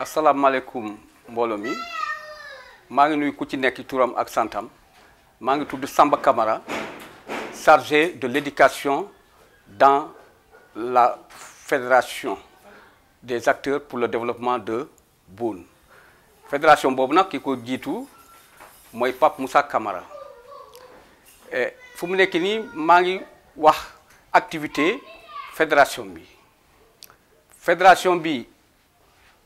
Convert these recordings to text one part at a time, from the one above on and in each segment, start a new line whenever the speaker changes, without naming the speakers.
Assalamu alaikum,
mi maa ngi nuyu ku ci nekk turam ak santam Samba Camara chargé de l'éducation dans la fédération des acteurs pour le développement de Boune fédération bobu nak ki ko jiitu mooy Pape Moussa Camara fu mu nekk ni wax activité fédération bi fédération bi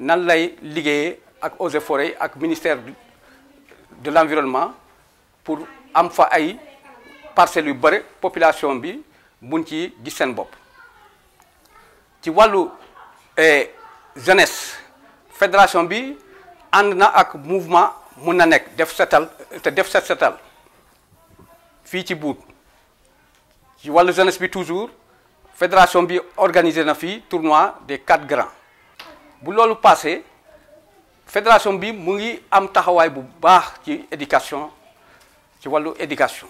nan lay liggéeyee ak eaux et ak ministère de l'environnement pour am fa ay parcelles yu population bi mun ci gis seen bopp ci wàllu eh, jeunesse fédération bi ànd na ak mouvement mun na nekk def setal te def set setal fii ci buut ci wàllu jeunesse bi toujours fédération bi organiser na fii tournoi des quatre grands bu loolu passé fédération bi mu ngi am taxawaay bu baax ci éducation ci wàllu éducation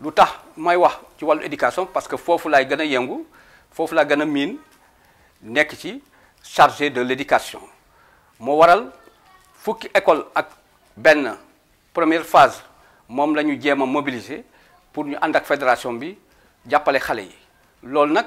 lu tax may wax ci wàllu éducation parce que foofu laay gën a yëngu foofu laa gën a miin ci chargé de l'éducation moo waral fukki école ak benn première phase moom la ñu jéem a mobiliser pour ñu ànd ak fédération bi jàppale xale yi loolu nag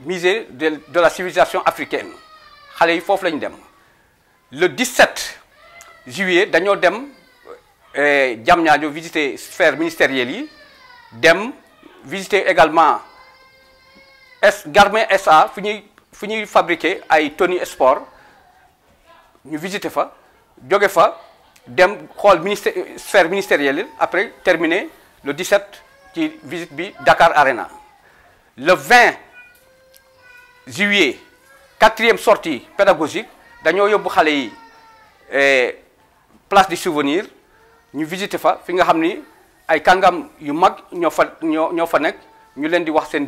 musée de la civilisation africaine le 17 juillet nous dem visité eh, visiter sphère ministérielle yi dem visité également S Garmin SA qui fini fabriquer à Tony sport ñu visité fa fa dem la sphère ministérielle après terminé le 17 ci visite bi Dakar Arena le 20 juillet quatrième sortie pédagogique nous avons eu la place du souvenir nous visiter fa fi nga xam ay kàngam yu mag fa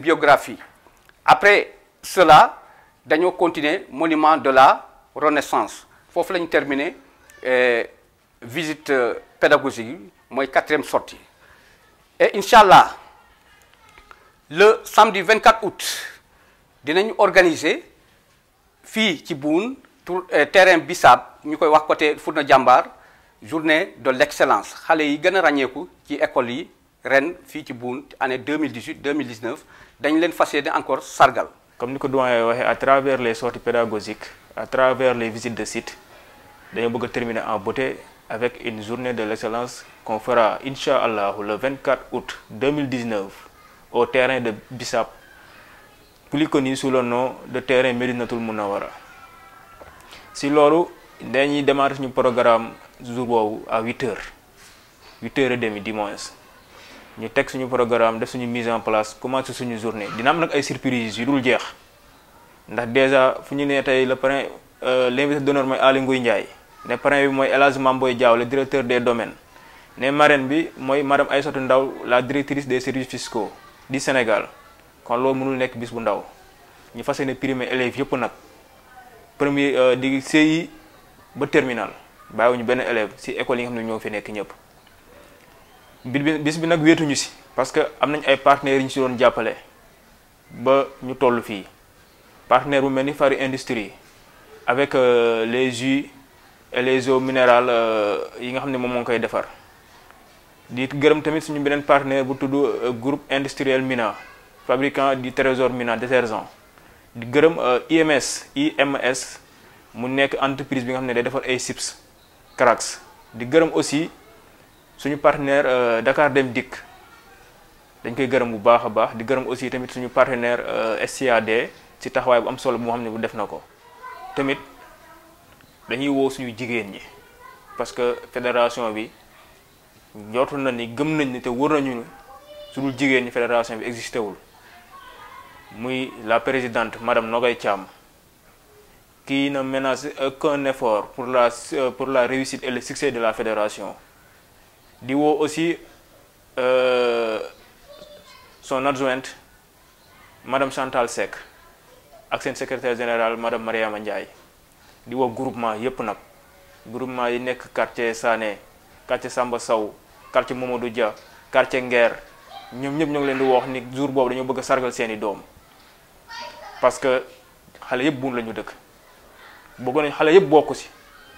biographie après cela dañoo continuer monument de la renaissance que nous terminer la eh, visite euh, pédagogique la quatrième sortie et Inch'Allah, le samedi 24 août dinañu organiser fii ci Boun, euh, terrain Bissab ñu koy wax côté Furna journée de l'excellence xale yi gën a ci école yi ren fii année 2018 2019 dañ leen fas encore sargal.
comme nous ko doyen à travers les sorties pédagogiques à travers les visites de sites, nous bëgg terminé terminer en beauté avec une journée de l'excellence qu'on fera incha le 24 août 2019 au terrain de Bissap. plus connu sous le nom de terrain Médinatoul Mounawara si loolu dañuy démarrer suñu programme jour boobu à huit heures huit heures et demie dimanche ñu teg suñu programme def suñu mise en place commencé suñu journée dina am nag ay surprises yu dul jeex ndax déjà fu ñu nee tey le parrain euh, l'invité d'honneur mooy Aly Ngouille Ndiaye ne parrain bi mooy El Hadj Mamboy Diaw directeur des domaines ne marraine bi mooy ay Aïssatou Ndaw la directrice des services fiscaux du Sénégal kon lo mënul nek bis bu ndaw ñu fas yéene élève yépp nak premier euh, di CI ba terminal ñu benn élève ci école yi nga xam ne ñoo fi nek ñëpp bis bi nak wétu ñu ci parce que am nañ ay partenaires yi ñu ci doon jappalé ba ñu tollu fi partenaire bu melni Fari Industrie avec euh, les jus et les eaux minérales euh, yi nga xam mom mo moo ngi koy defar di gërëm tamit suñu benen partenaire bu tuddu euh, groupe industriel Mina fabricant du trésor minant détergent di gërëm euh, IMS IMS mu nek entreprise bi nga xamné day defar ay chips crax di gërëm aussi suñu partenaire euh, Dakar Dem Dikk dañ koy gërëm bu baax a baax di gërëm aussi tamit suñu partenaire euh, SCAD ci taxawaay bu am solo moo xamné bu def nako tamit dañuy wo suñu jigéen ñi parce que fédération bi njortu na ni gëm nañ ni te wër nañu sudul jigéen ñi fédération bi existé wul muy la présidente Madame Nogay Cham, qui ne menace aucun effort pour la, euh, pour la réussite et le succès de la fédération. Diwo aussi euh, son adjointe Madame Chantal Sek ak seen secrétaire général Madame Maria Ndiaye di wo groupement yep nak groupement yi nek quartier Sané quartier Samba Sow quartier Mamadou Dia quartier Nguer ñom ñep ñong leen di wax ni jour bobu dañu bëgg sargal seeni doom parce que xale yëpp buun la ñu dëkk bëggoon nañ xale yëpp bokk si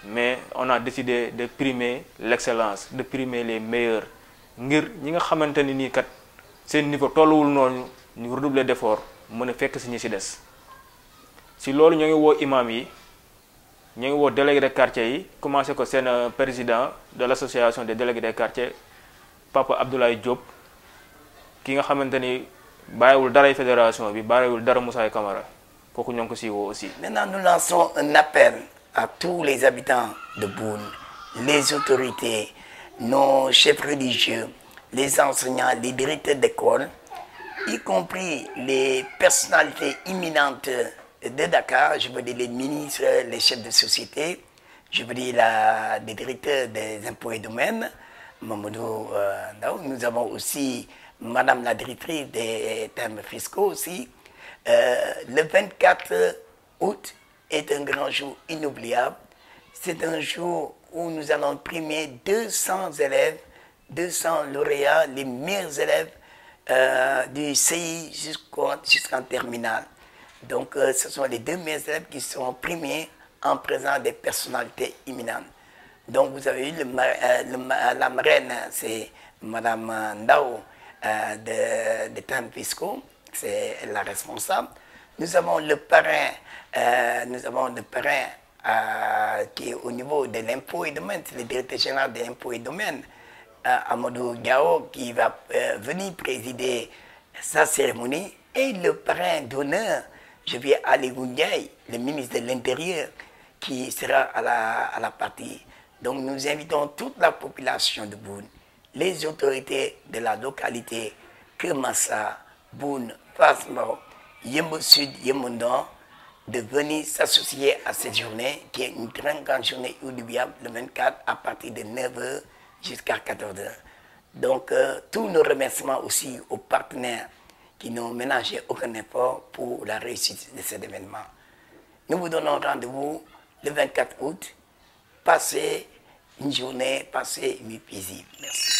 mais on a décidé de primer l'excellence de primer les meilleurs ngir ñi nga xamante ni nii kat seen niveau tolluwul noonu ñu redoubler d'effort mën a fekk si ñi si des si loolu ñoo ngi woo imam yi ñoo ngi woo délégué de quartier yi commencé ko seen euh, président de l'association de délégués des quartiers Papa Abdoulaye Diop ki nga xamante maintenant
nous lançons un appel à tous les habitants de Boune les autorités nos chefs religieux les enseignants les directeurs d'école y compris les personnalités imminentes de Dakar je veux dire les ministres les chefs de société je veux dire les directeurs des impôts et domaines euh, nous avons aussi Madame la directrice des thèmes fiscaux aussi, euh, le 24 août est un grand jour inoubliable. C'est un jour où nous allons primer 200 élèves, 200 lauréats, les meilleurs élèves euh, du CI jusqu'en terminale. Donc, euh, ce sont les deux meilleurs élèves qui seront primés en présence des personnalités imminentes. Donc, vous avez eu la marraine, c'est Madame Ndao, euh, de des plans fiscaux, c'est la responsable. Nous avons le parrain, euh, nous avons le parrain euh, qui est au niveau de l'impôt et domaine, c'est le directeur général de l'impôt et domaine, Amadou Gao, qui va venir présider sa cérémonie, et le parrain d'honneur, je vais aller le ministre de l'Intérieur, qui sera à la, à la partie. Donc nous invitons toute la population de Boune les autorités de la localité Kermassa, Boun, Fasmo, Yembo Sud, Yembo de venir s'associer à cette journée qui est une très grande journée oubliable le 24 à partir de 9h jusqu'à 14h. Donc, euh, tous nos remerciements aussi aux partenaires qui n'ont ménagé aucun effort pour la réussite de cet événement. Nous vous donnons rendez-vous le 24 août. Passez une journée, passez une nuit paisible. Merci.